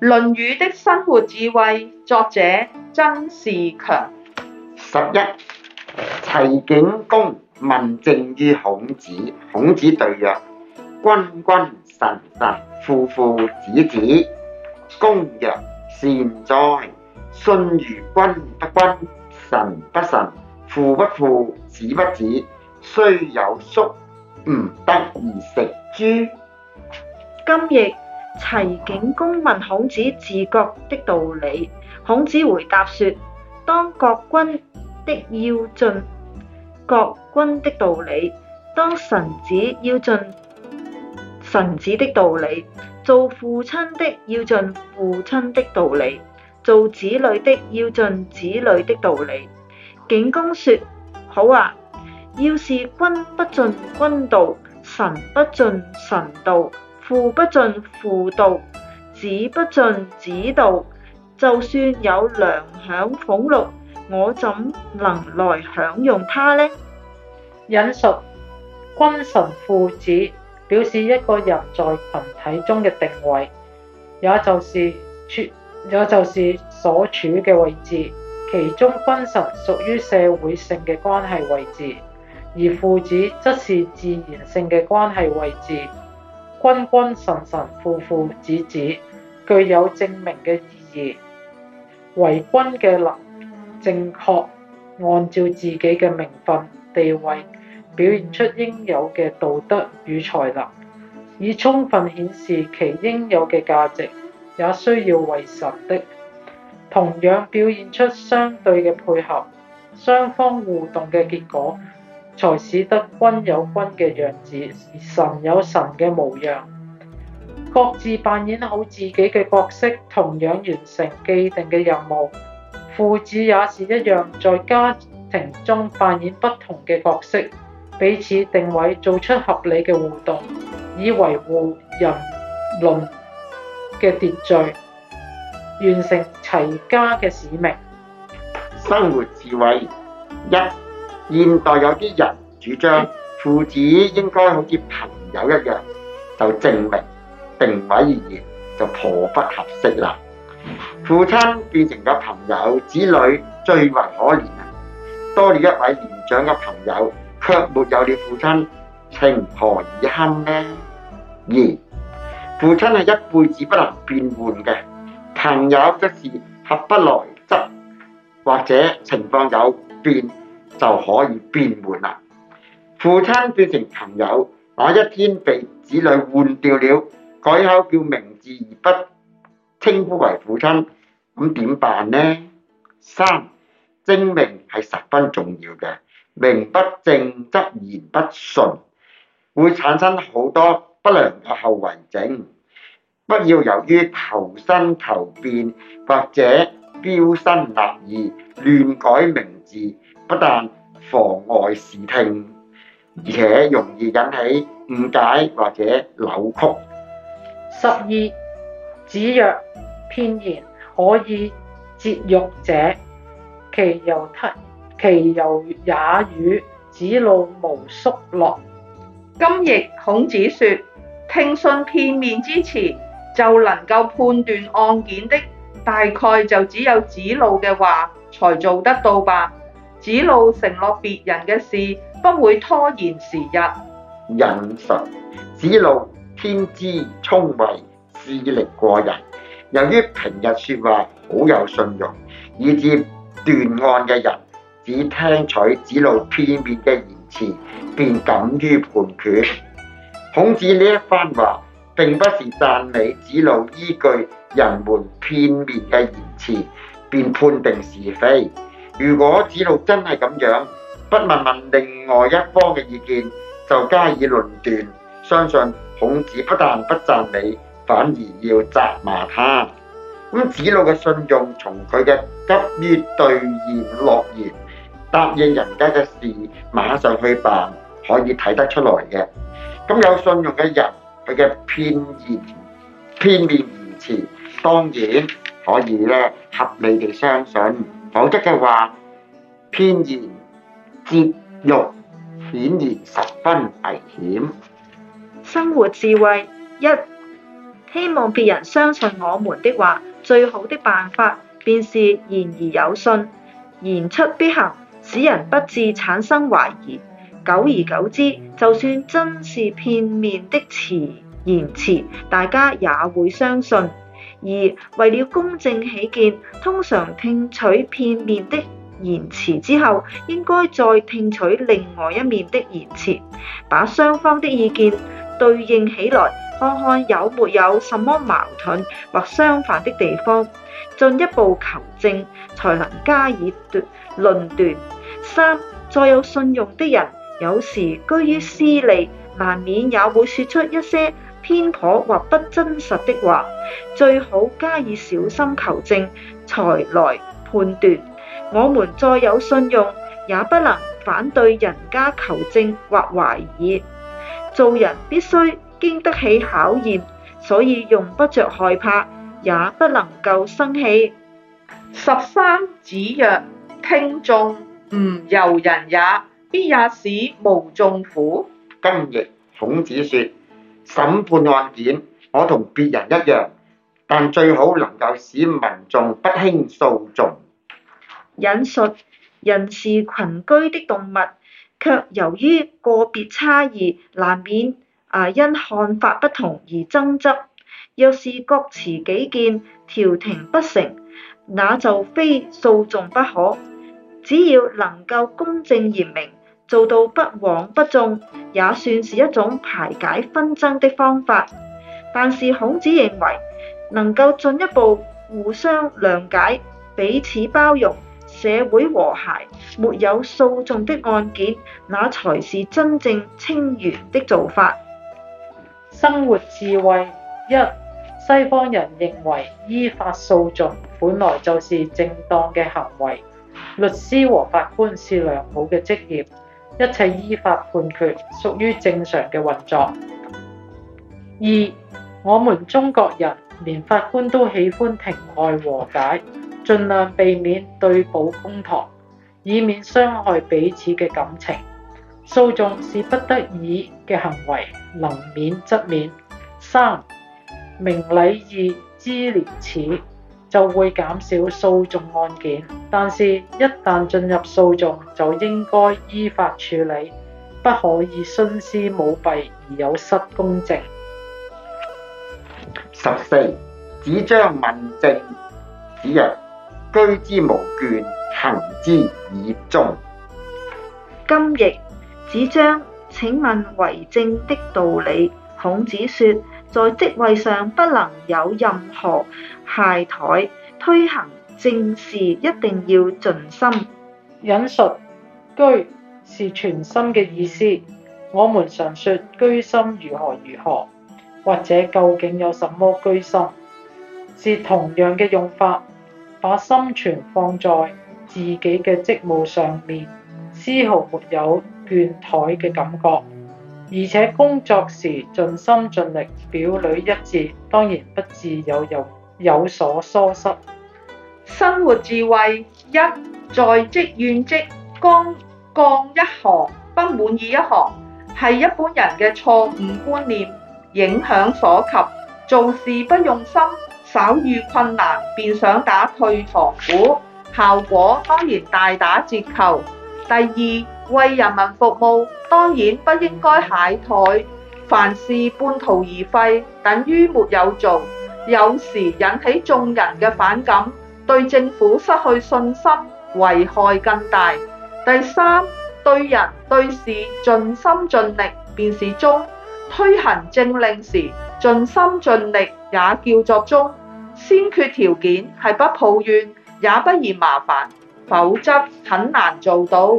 《論語》的生活智慧，作者曾仕強。強十一，齊景公問政於孔子，孔子對曰：君君，臣臣，父父子子。公曰：善哉！信如君不君，臣不臣，父不父，子不子，雖有粟，吾得而食諸？今亦。齊景公問孔子治國的道理，孔子回答說：當國君的要盡國君的道理，當臣子要盡臣子的道理，做父親的要盡父親的道理，做子女的要盡子女的道理。景公說：好啊，要是君不盡君道，臣不盡臣道。父不盡父道，子不盡子道。就算有良享俸祿，我怎能來享用它呢？引述君臣父子，表示一個人在群體中嘅定位，也就是處，也就是所處嘅位置。其中君臣屬於社會性嘅關係位置，而父子則是自然性嘅關係位置。君君臣臣父父子子具有證明嘅意義，為君嘅能正確按照自己嘅名分地位，表現出應有嘅道德與才能，以充分顯示其應有嘅價值，也需要為臣的，同樣表現出相對嘅配合，雙方互動嘅結果。才使得君有君嘅樣子，臣有臣嘅模樣，各自扮演好自己嘅角色，同樣完成既定嘅任務。父子也是一樣，在家庭中扮演不同嘅角色，彼此定位，做出合理嘅互動，以維護人倫嘅秩序，完成齊家嘅使命。生活智慧一。現代有啲人主張父子應該好似朋友一樣，就證明定位而言就頗不合適啦。父親變成咗朋友，子女最為可憐啊！多了一位年長嘅朋友，卻沒有了父親，情何以堪呢？二、父親係一輩子不能變換嘅，朋友則是合不來則或者情況有變。就可以變換啦。父親變成朋友，哪一天被子女換掉了，改口叫名字而不稱呼為父親，咁點辦呢？三，精明係十分重要嘅，名不正則言不順，會產生好多不良嘅後遺症。不要由於求新求變或者標新立異，亂改名字。不但妨礙視聽，而且容易引起誤解或者扭曲。十二，子曰：指片言可以折獄者，其由得其由也與？子路無宿諾。今亦孔子說：聽信片面之詞就能夠判斷案件的，大概就只有子路嘅話才做得到吧。子路承諾別人嘅事不會拖延時日。仁神，子路天資聰慧，智力過人。由於平日説話好有信用，以致斷案嘅人只聽取子路片面嘅言辭，便敢於判決。孔子呢一番話並不是讚美子路依據人們片面嘅言辭便判定是非。如果子路真係咁樣，不問問另外一方嘅意見就加以論斷，相信孔子不但不讚美，反而要責罵他。咁子路嘅信用從佢嘅急於兌現諾言、答應人家嘅事馬上去辦可以睇得出來嘅。咁有信用嘅人，佢嘅偏言、片面言辭當然可以咧合理地相信。否則嘅話，片言折獄顯然十分危險。生活智慧一，希望別人相信我們的話，最好的辦法便是言而有信，言出必行，使人不至產生懷疑。久而久之，就算真是片面的詞言辭，大家也會相信。二，為了公正起見，通常聽取片面的言詞之後，應該再聽取另外一面的言詞，把雙方的意見對應起來，看看有沒有什麼矛盾或相反的地方，進一步求證，才能加以斷論斷。三，再有信用的人，有時居於私利，難免也會說出一些。偏頗或不真實的話，最好加以小心求證才來判斷。我們再有信用，也不能反對人家求證或懷疑。做人必須經得起考驗，所以用不着害怕，也不能夠生氣。十三，子曰：聽訟，吾猶人也，必也使無訟乎。今日孔子說。審判案件，我同別人一樣，但最好能夠使民眾不輕訴訟。引述人是群居的動物，卻由於個別差異，難免啊因看法不同而爭執。若是各持己見，調停不成，那就非訴訟不可。只要能夠公正嚴明，做到不枉不縱，也算是一種排解紛爭的方法。但是孔子認為，能夠進一步互相諒解、彼此包容，社會和諧，沒有訴訟的案件，那才是真正清源的做法。生活智慧一：西方人認為，依法訴訟本來就是正當嘅行為，律師和法官是良好嘅職業。一切依法判決，屬於正常嘅運作。二，我們中國人連法官都喜歡庭外和解，盡量避免對簿公堂，以免傷害彼此嘅感情。訴訟是不得已嘅行為，能免則免。三，明禮義，知廉恥。就會減少訴訟案件，但是，一旦進入訴訟，就應該依法處理，不可以徇私舞弊而有失公正。十四，子張問政，子曰：居之無倦，行之以忠。今譯子張請問為政的道理，孔子說。在職位上不能有任何懈怠，推行政事一定要盡心。引述居是全心嘅意思，我們常說居心如何如何，或者究竟有什麼居心，是同樣嘅用法，把心存放在自己嘅職務上面，絲毫沒有倦怠嘅感覺。而且工作時盡心盡力，表裏一致，當然不致有有有所疏失。生活智慧，一，在職怨職，剛幹一行不滿意一行，係一般人嘅錯誤觀念，影響所及，做事不用心，稍遇困難便想打退堂鼓，效果當然大打折扣。第二，為人民服務當然不應該懈怠，凡事半途而廢，等於沒有做，有時引起眾人嘅反感，對政府失去信心，危害更大。第三，對人對事盡心盡力便是忠，推行政令時盡心盡力也叫做忠。先決條件係不抱怨，也不嫌麻煩。否則很難做到。